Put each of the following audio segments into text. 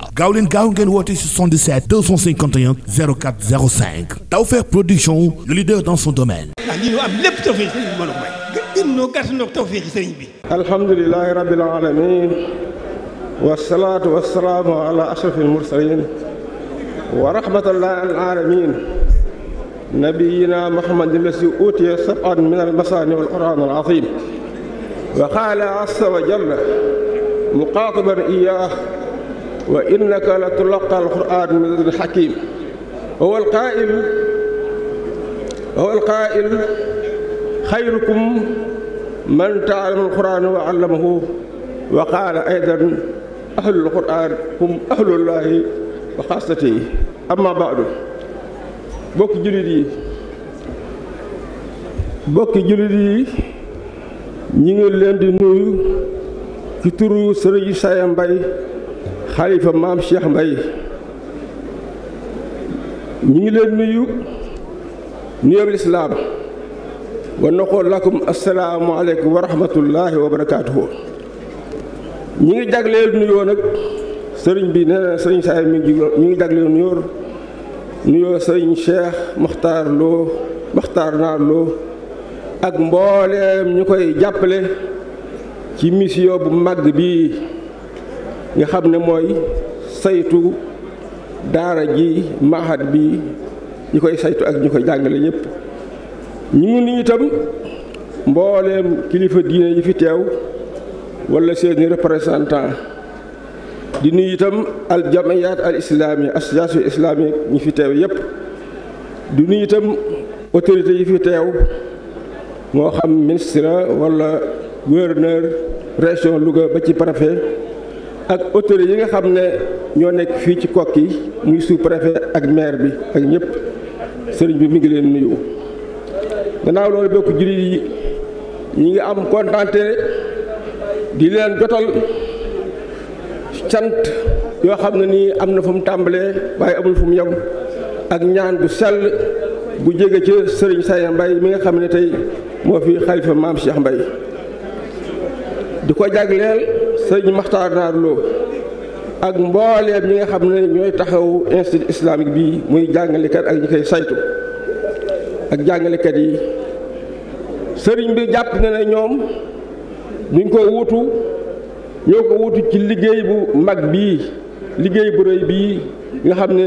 waaw gaaw leen gaaw ngeen woote 77 251 04 05 Tawfekh Production le leader dans son domaine. ah lii ñu am lépp tawfeex sëriñ bi mën a may. gën noo gàtt noo tawfeex sëriñ bi. alhamdulilah rabbil aalamiin wasalaatu wasalaamu ala ashrafil mursaliin wa rahmatullahi alaalamiin nabiyina muhammadin lasi utiya sab'an min almasaani wal quraan al aziim wa qaala azza wa jalla muqaatiban iyaah wa innaka la tulaqa alquran min ladun xakim huwa alqail huwa alqail xayrukum man taalama alquran wa allamahu wa qaala aydan ahlul quran hum ahlullahi wa xaasatihi amma baadu bokki jullit yi bokki jullit yi ñu ngi leen di nuyu ci turu sëriñ Saya Mbaye xalifa maam Cheikh Mbaye ñu ngi leen nuyu nuyoob lislaam wa naqul lakum assalaamu aleykum wa rahmatullaahi wa barakaatuhu ñi ngi jagleel nuyoo nag sëriñ bi nee na sëriñ saay mi ngi ñu ngi jagleel nuyoo nuyoo sëriñ Cheikh Makhtar Lo Makhtar Naar Lo ak mbooleem ñu koy jàppale ci mission bu màgg bii nga xam ne mooy saytu daara ji mahad bi ñu koy saytu ak ñu koy jàngale ñëpp ñu ngi itam mbooleem kilifa diine yi fi teew wala seeni représentant di nuyu itam al jamayaat al islami association islamique ñi fi teew yépp du nuyu itam autorité yi fi teew moo xam ministre walla gouverneur résion luga ba ci préfet ak autorités yi nga xam ne ñoo nekk fii ci Koki muy sous-préfet ak maire bi ak ñépp sëriñ bi mi ngi leen nuyu. gannaaw loolu bokk jullit yi ñi ngi am kontante di leen jotal cant yoo xam ne nii am na fu mu tàmbalee waaye amul fu mu yem ak ñaan bu sell bu jege ca sëriñ Saye Mbaye mi nga xam ne tey moo fi xalifa maam Cheikh Mbaye di ko jagleel sëñ Maxtaar Naar Lo ak mbooleem ñi nga xam ne ñooy taxaw institut islamique bi muy jàngalekat ak ñi koy saytu ak jàngalekat yi sëriñ bi jàpp na ne ñoom duñ ko wutu ñoo ko wutu ci liggéey bu mag bii liggéey bu rëy bii nga xam ne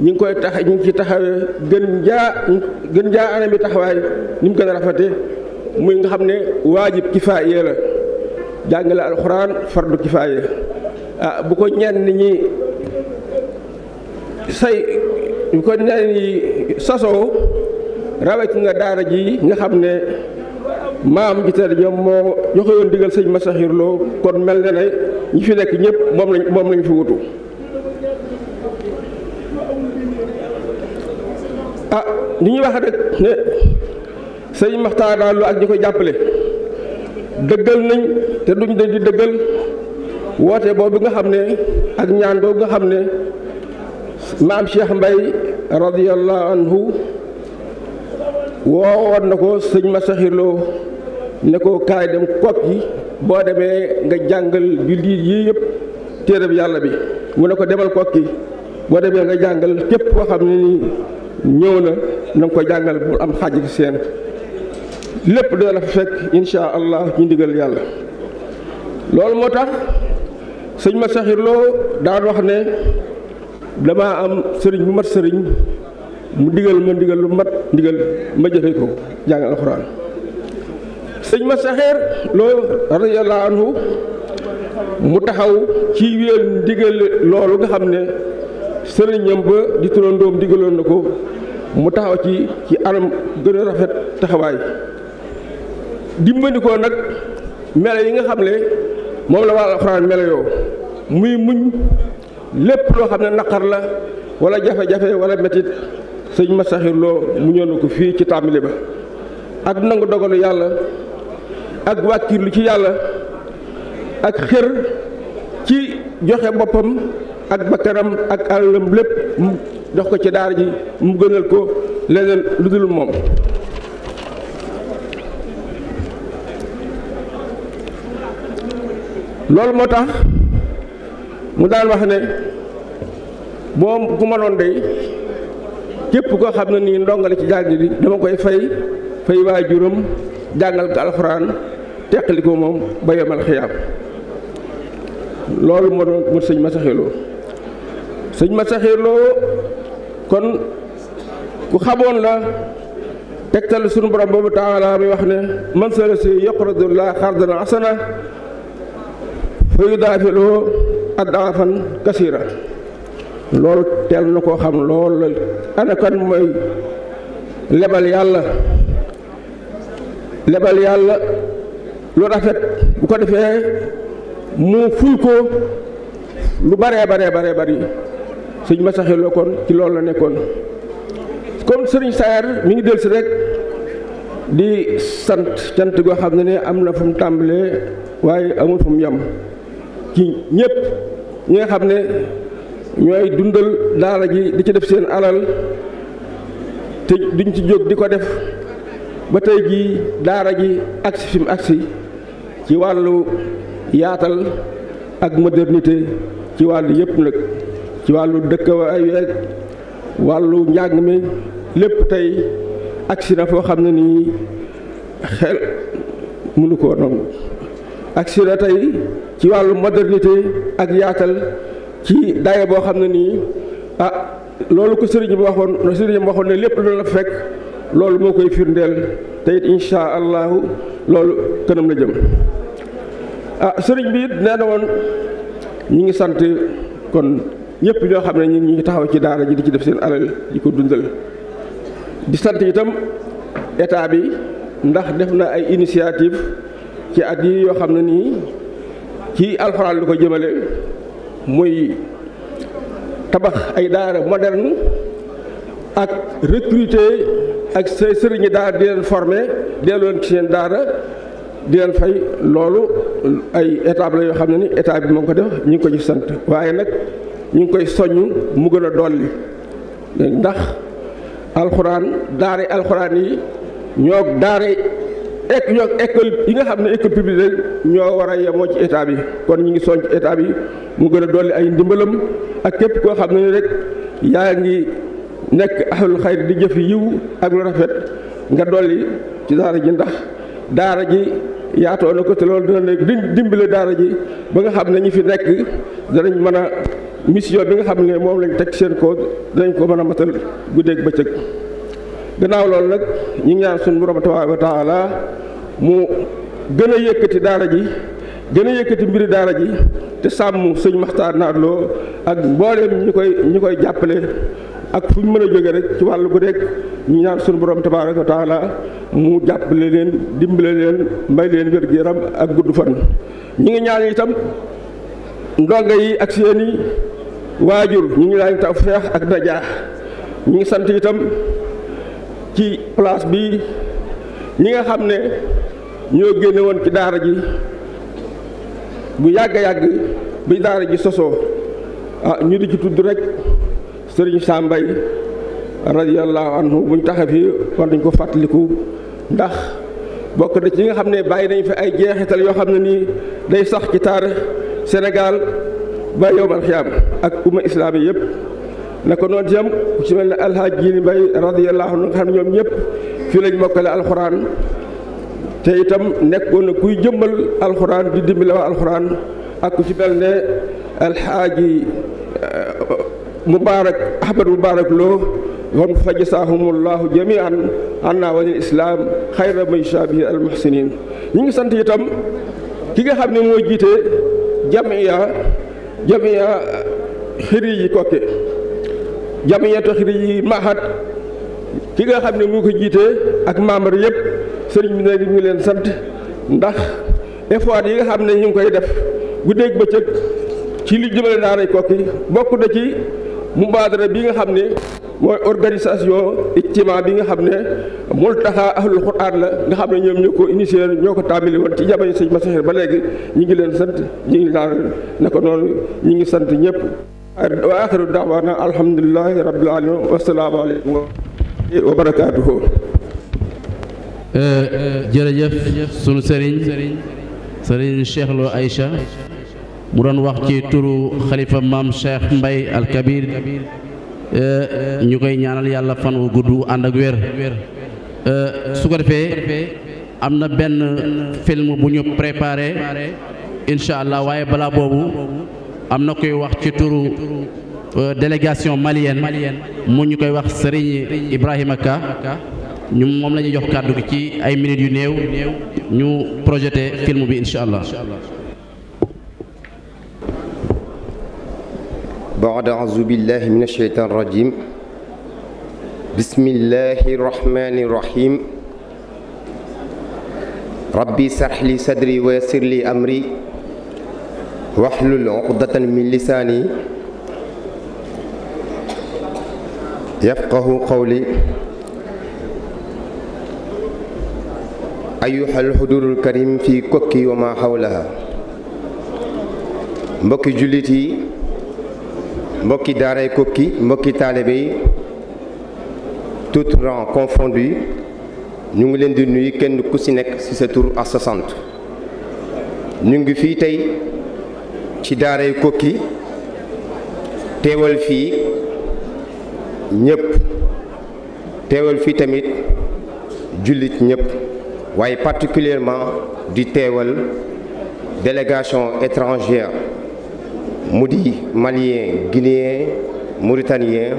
ñi ngi koy tax ñi ngi ci taxawee gën jaa gën jaa anam bi taxawaay ni mu gën a rafete muy nga xam ne waajib kifaaya la jàngale alxuraan fardu kifaaya ah, bu ko ñenn ñi say ko ñenn ñi sasoo rawet nga daara ji nga xam ne maam ji tedd ñoom moo joxe digal sëñ Massaxir Lo kon mel na ne ñi fi nekk ñëpp moom lañ moom lañ fi wutu ah li ñuy wax rek ne sëñ Maxtaar ak ñu ko jàppale dëggal nañ te duñ dañ di dëggal woote boobu nga xam ne ak ñaandoo boobu nga xam ne maam Cheikh mbay radiyallahu anhu woowoon na ko sëñ ma saxirloo ne ko kaay dem Kokki boo demee nga jàngal jullit yii yëpp téereb yàlla bi mu ne ko demal Kokki boo demee nga jàngal képp koo xam ne nii ñëw na na nga ko jàngal bu am xaaj seen lépp dana fekk incha allah ñu ndigal yàlla loolu moo tax sëñ ma saxir loo daan wax ne dama am sëriñ bu mat sëriñ mu digal ma ndigal lu mat ndigal ma jëfe ko jàng alxuraan sëñ ma saxir loo radiyallahu mu taxaw ci wéel ndigal loolu nga xam ne sëriñam ba di turandoom digaloon na ko mu taxaw ci ci anam gën rafet taxawaay dimbali nag melo yi nga xam ne moom la waa alxuraan melo yoo muy muñ lépp loo xam ne naqar la wala jafe-jafe wala métit sëñ ma saxir loo muñoon ko fii ci tàmbali ba ak nangu dogalu yàlla ak lu ci yàlla ak xër ci joxe boppam ak bakkanam ak alalam lépp mu jox ko ci daar ji mu gënal ko leneen lu dul moom loolu moo tax mu daan wax ne boo ku doon dey képp koo xam na ni ndongo ci jàng bi dama koy fay fay juróom jàngal ko alxuraan teqali ko moom ba yomal xiyaam loolu moo doon mu sëñ masaxiloo sëñ masaxiloo kon ku xaboon la tegtal suñu borom boobu taala mi wax ne man salasi yoqradu laa xardan asana fa yudaafiloo addaafan kasira loolu teel na koo xam loolu la ana kan mooy lebal yàlla lebal yàlla lu rafet bu ko defee mu ful ko lu baree baree baree bari suñ ma kon ci loolu la nekkoon comme sëriñ Saer mi ngi dellusi rek di sant cant goo xam ne ne am na fu mu tàmbalee waaye amul fu mu yem ci ñépp ñi nga xam ne ñooy dundal daara ji di ci def seen alal te duñ ci jóg di ko def ba tey jii daara ji agsi fi agsi ci wàllu yaatal ak modernité ci wàllu yépp nag ci wàllu dëkkawaay yeeg wàllu njàng mi lépp tey agsi na foo xam ne nii xel mënu koo nangu ak sura tey ci wàllu modernité ak yaatal ci daye boo xam ne nii ah loolu ko sëriñ bi waxoon sëriñ bi waxoon ne lépp lu la fekk loolu moo koy firndeel tey it insha allahu loolu kënam la jëm ah sëriñ bi it nee na woon ñi ngi sant kon ñëpp ñoo xam ne ñu ngi taxaw ci daara ji di ci def seen alal di ko dundal di sant itam état bi ndax def na ay initiative ci at yi yoo xam ne nii ci alxuraan lu ko jëmale muy tabax ay daara moderne ak recruter ak say sëriñi daara di leen former delloon ci seen daara di leen fay loolu ay étape la yoo xam ne ni état bi moo ko def ñu ngi ko ci sant waaye nag ñu ngi koy soññ mu gën a dolli ndax alxuraan daara alxuraan yi ñoo daara école yi nga xam ne école publique ñoo war a yemoo ci état bi kon ñu ngi soññ ci état bi mu gën a dolli ay ndimbalam ak képp koo xam ne ni rek yaa ngi nekk ahlul xayr di jëf yiw ak lu rafet nga dolli ci daara ji ndax daara ji yaatoo na ko te loolu dina nekk dimbale daara ji ba nga xam ne ñu fi nekk danañ mën a mission bi nga xam ne moom lañ teg seen ko danañ ko mën a matal ba cëg gannaaw loolu nag ñu ngi ñaan suñu borom tabaaraka wa taala mu gën a yëkkati daara ji gën a yëkkati mbiri daara ji te sàmm sëñ Maxtaar Naarloo ak mbooleem ñu koy ñu koy jàppale ak fu mën a jóge rek ci wàllu gu rek ñu ñaan suñu borom tabaaraka wa taala mu jàppale leen dimbale leen mbay leen wér gu yaram ak gudd fan ñu ngi ñaan itam ndongo yi ak seeni waajur ñu ngi ñaan tawfeex ak dajaax ñu ngi sant itam ci place bi ñi nga xam ne ñoo génne woon ci daara ji bu yàgg yàgg bi daara ji sosoo ah ñu di ci tudd rek sëriñ Sambay radiyallahu anhu bu ñu taxaw war nañ ko fàttaliku ndax bokk na ci nga xam ne bàyyi nañ fi ay jeexital yoo xam ne nii day sax ci taarix Sénégal ba yowmal xiyaam ak umma islaami yëpp. naka noonu itam ku ci mel ne alhaaj ni Mbay radiyallaahu anhu nga xam ne ñoom ñëpp fii lañ mokkale alxuraan te itam nekkoon na kuy jëmmal alxuraan di dimbale waa alxuraan ak ku ci mel ne alxaaji euh, Mubaarak Ahmad Mubaarak Lo moom fa jasaahumullaahu jamiian anna walil islaam xayra may shaabihi al muhsiniin ñu ngi sant itam ki nga xam ne mooy jiite jamiya jamiya euh, xiri yi kokke jamiyatu xiriji mahat ki nga xam ne mu ko jiitee ak membre yëpp sëriñ bi nag ngi leen sant ndax effort yi nga xam ne ñu ngi koy def guddeeg bëccëg ci li jëmale daaray Koki bokk na ci mubaadara bi nga xam ne mooy organisation ijtimaa bi nga xam ne multaxa ahlul quran la nga xam ne ñoom ñu ko initié ñoo ko tàmbali woon ci jamono sëñ Masahir ba léegi ñu ngi leen sant ñu ngi daal na ko noonu ñu ngi sant ñëpp wa axiru daawaana alhamdulilahi rabbil alamin wasalaamu aleykum wa barakaatuhu eh, jërëjëf sunu sëriñ sëriñ Cheikh Lo mu doon wax ci turu xalifa maam Cheikh Mbay al eh, ñu koy ñaanal yàlla fan wu gudd ànd ak wér eh, su ko defee am na benn film bu ñu préparé incha allah waaye balaa boobu am na koy wax ci turu euh, délégation malienne mu ñu koy wax Serigne Ibrahima Ka ñu moom lañuy jox kàddu gi ci ay minutes yu néew ñu projeté film bi incha allah. بعد أعوذ بالله من الشيطان الرجيم بسم الله الرحمن الرحيم ربي اشرح لي صدري ويسر لي أمري waxlul uqdatan min lisaani yafqahu qawli ayuhal xudurul karim fi kokki wa ma xawlaha mbokki jullit yi mbokki daaray kokki mbokki taalibe yi tout rang confondu ñu ngi leen di nuyu kenn ku ci nekk ci sa tur ak ñu ngi fii tey ci daaray Koki téewal fii ñëpp teewal fii tamit jullit ñëpp waaye particulièrement di téewal délégation étrangère mu di malien guinéen mauritanien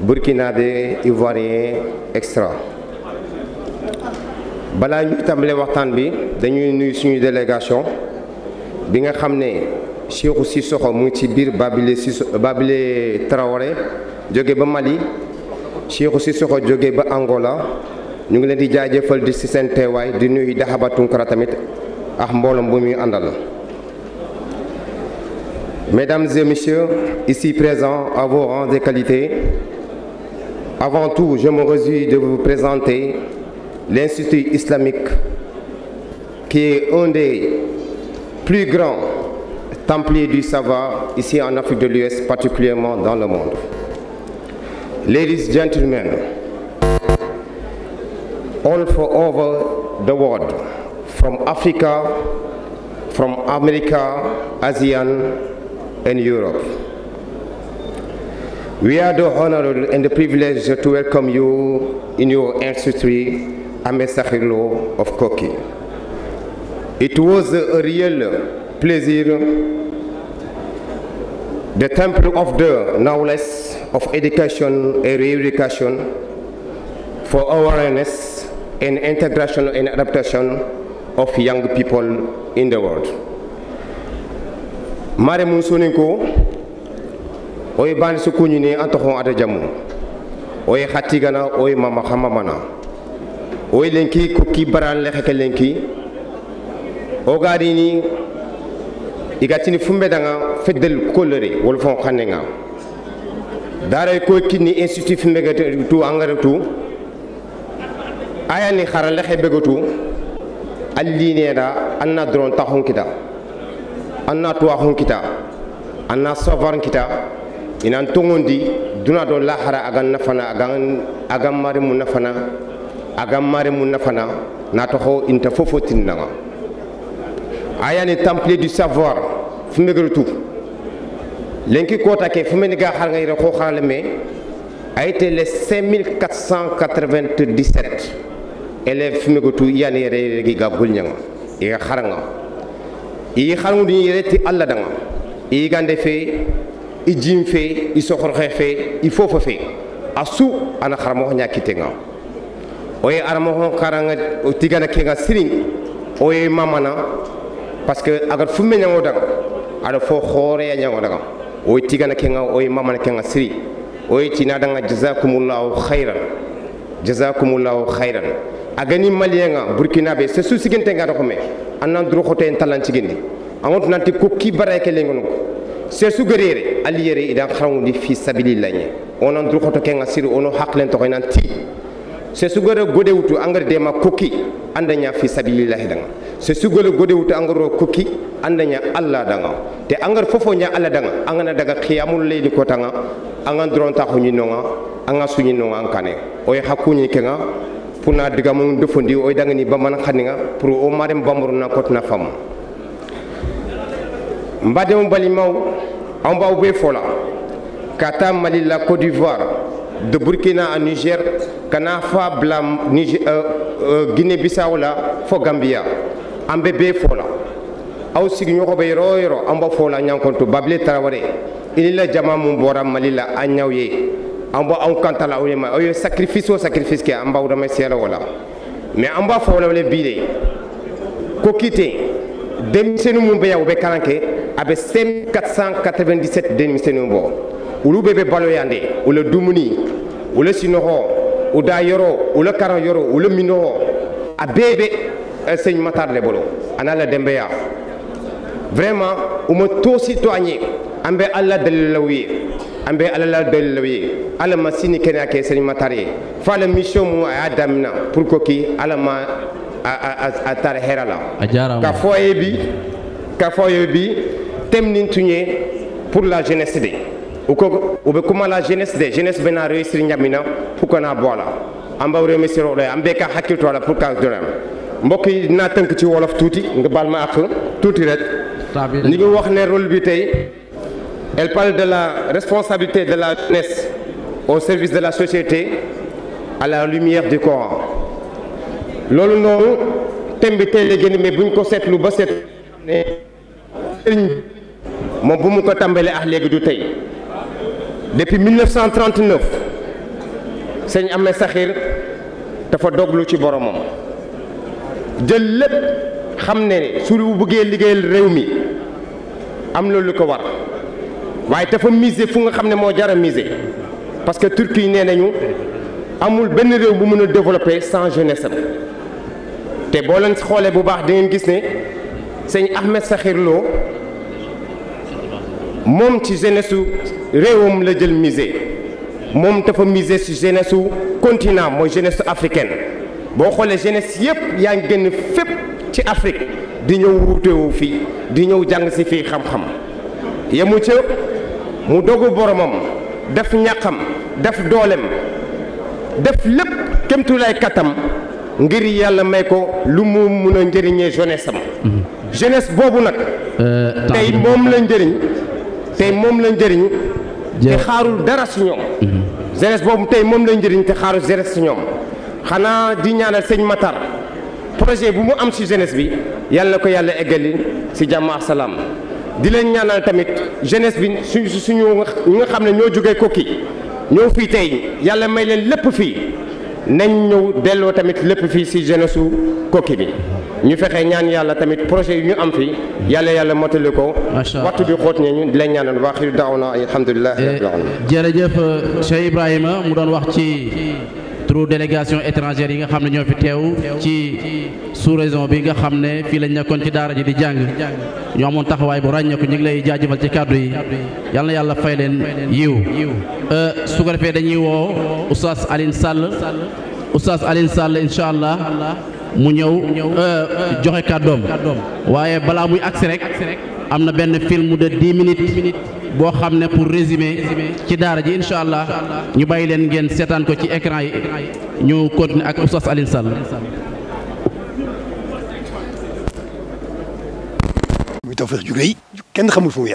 burkinabé ivoirien extra balaa ñuy tàmbale waxtaan bi dañuy nuyu suñu délégation bi nga xam ne Cheikhou Sissoko mu ngi ci biir Babilé Sissoko Babilé Traoré jóge ba Mali Cheikhou Sissoko jóge ba Angola ñu ngi leen di jaajëfal di si seen teewaay di nuyu Dahaba Tunkara tamit ak mbooloom bu muy àndal. Mesdames et messieurs, ici présents à vos de qualité, avant tout, je me réjouis de vous présenter l'Institut islamique qui est plus grand templier du savoir ici en Afrique de l'Ouest, particulièrement dans le monde. Ladies gentlemen, all for over the world, from Africa, from America, ASEAN, and Europe. We are the honor and the privilege to welcome you in your ancestry, Ame of Koki. It was a real pleasure, the temple of the knowledge of education and re-education for awareness and integration and adaptation of young people in the world. mare mun soni ko oye bani so kuñini a toxon ata jamu mama xa mamana oye lenki ko ki baran lexeke lenki ogarini igatini fumbe danga feddel kolere wol fon xannenga daray ko kinni institut fumbe ga tu angara tu ayani xara lexe begatu allinera anna dron taxun kita anna tuwaxun kita anna savarn kita inan tongondi duna do lahara agan nafana agan agan marimu nafana agan marimu nafana na toxo inta fofotin nanga aya ni temple du savoir fumegretu lenki kotake fumeni ga harnga ira ko khalame a été les 5497 élèves fumegretu yani yere gi ga gulnyanga e harnga i harngu ni yere ti alla danga i gande fe i jim fe i soxor xe fe i fofa fe ana harmo nya kitenga oye aramo hon karanga tigana kenga siring oye mamana pasque agar fumme ñango daga aɗa fo hooreya ñango daga oye tigana kenga oye mamana kenga siri oye tinadanga jasakumullahu hayran jasakumullahu hayran a gani malien ga burkina be se susiginte nga doxome an nan duroxote en talan cigindi nanti ko ki baray ke lengono ko se su gerere ali yere ida xarangundi fi sabilillahi onan duroxoto kenga siri ono haqlen toxoy nan ti se sugara godewutu angardema kokki andanya fi sabilillahi danga se sugala godewutu angaro kokki andanya allah danga te angar fofo nya allah danga angana daga qiyamul layli ko tanga angan dron ta hunyi nonga anga sunyi nonga kane o ya hakuni kenga puna diga mun defondi o danga ni baman khaninga pour o marem bamuruna kotna fam balimaw an b'aw bɛ fɔ la ka taa mali la côte niger kana fabla euh, euh, guinée-bissau la fo gambia an be bee fo la aw sigiɲɔgɔn be yɔrɔ o an b'a fɔ la ɲankonto babile taraware i la jama mun bɔra mali la an ɲaw ye an bɔ anw kanta aw ye ma aw ye sacrifice o sacrifice kɛ an b'aw ramasiya la o la mais an b'a fɔ lawale bi de ko kite denmisɛnnin mun bɛ yan u bɛ kalan a bɛ 5497 denmisɛnninw bɔ olu bɛɛ bɛ balo yan dumuni o la sinɔgɔ uda yoro ula kara yoro ula minowo a bee be seigne matar le bolo ana la dembeya vraiment uma toosi to añe an be alla dalilaw ye an be la dalilaw ye ala ma sini kene ke seigne ye fa la mission mu a ye damina pour ko ki ma a tara hera la ka fo ye bi ka fo ye bi tem nin tun ye la jeunesse de uko ɓe kumala jeunesse de jeunesse ɓe na réussir ñamina pour kana boola an mbaw remercier oɗo an ɓe ka hakkiltoɗa pour ka donam mbokk yi dinaa tënk ci wolof tuuti nga baal ma àq tuuti rek ñu ngi wax ne role bi tey elle parle de la responsabilité de la jeunesse au service de la société à la lumière du Coran loolu noonu thème bi tey la génn mais bu ñu ko seetlu ba seet ne moom bu mu ko tàmbali ak léegi du tey depuis 1939 sëñ Ahmed Sakhir dafa doglu ci boromam jël lépp xam ne su bu bëggee liggéeyal réew mi am na lu ko war waaye dafa miser fu nga xam ne moo jar a miser parce que Turquie nee nañu amul benn réew bu mën a développer sans jeunesse am te boo leen xoolee bu baax di ngeen gis ne sëñ Ahmed Sakhir Lo. moom ci jeunesse su réewam la jël misé moom dafa misé ci jeunesse su continent mooy jeunesse africaine boo xoolee jeunesse yëpp yaa ngi génn fépp ci Afrique di ñëw wuutewu fii di ñëw jàng si fii xam-xam yemu ca mu dogu boromam def ñàqam def dooleem def lépp kemtulaay kattam ngir yàlla may ko lu mu mun a njëriñee jeunesse am. Mhm. boobu nag. Euh, tey moom la njëriñ. tey moom lañ jëriñ te xaarul dara si ñoom mhm. jeunesse boobu tey moom lañ jëriñ te xaarul jeunesse si ñoom xanaa di ñaanal sëñ Matar projet bu mu am si jeunesse bi yàlla na ko yàlla eggali si jàmm ak di leen ñaanal tamit jeunesse bi suñu suñu ñi nga xam ne ñoo jógee kokki ñoo fii tey yàlla may leen lépp fii nañ ñëw delloo tamit lépp fii si jeunesse su kokki bi ñu fexe ñaan yàlla tamit projet yu ñu am fi yàlla yàlla motali ko. macha allah waxtu bi xóot nañu di leen ñaanal waa xiir daaw na alhamdulilah. Eh, jërëjëf Cheikh Ibrahima mu doon wax ci turu délégation étrangère yi nga xam ne ñoo fi teew ci sous-région bi nga xam ne fii lañ nekkoon ci daara ji di jàng ñoo amoon taxawaay bu ràññeeku ñu ngi lay jaajëfal ci kàddu yi yal yàlla fay leen yiw eh, su ko defee dañuy woo Oustaz Alioune Sall Oustaz Alioune Sall incha allah. mu ñëw euh, joxe kàddoom waaye balaa muy agsi rek am na benn film de dix minutes boo xam ne pour résumer ci daara ji incha allah ñu bàyyi leen ngeen seetaan ko ci écran yi ñu continuer ak Oustaz Alioune Sall. kenn xamul fu mu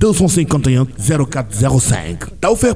251 04 05 Tawfekh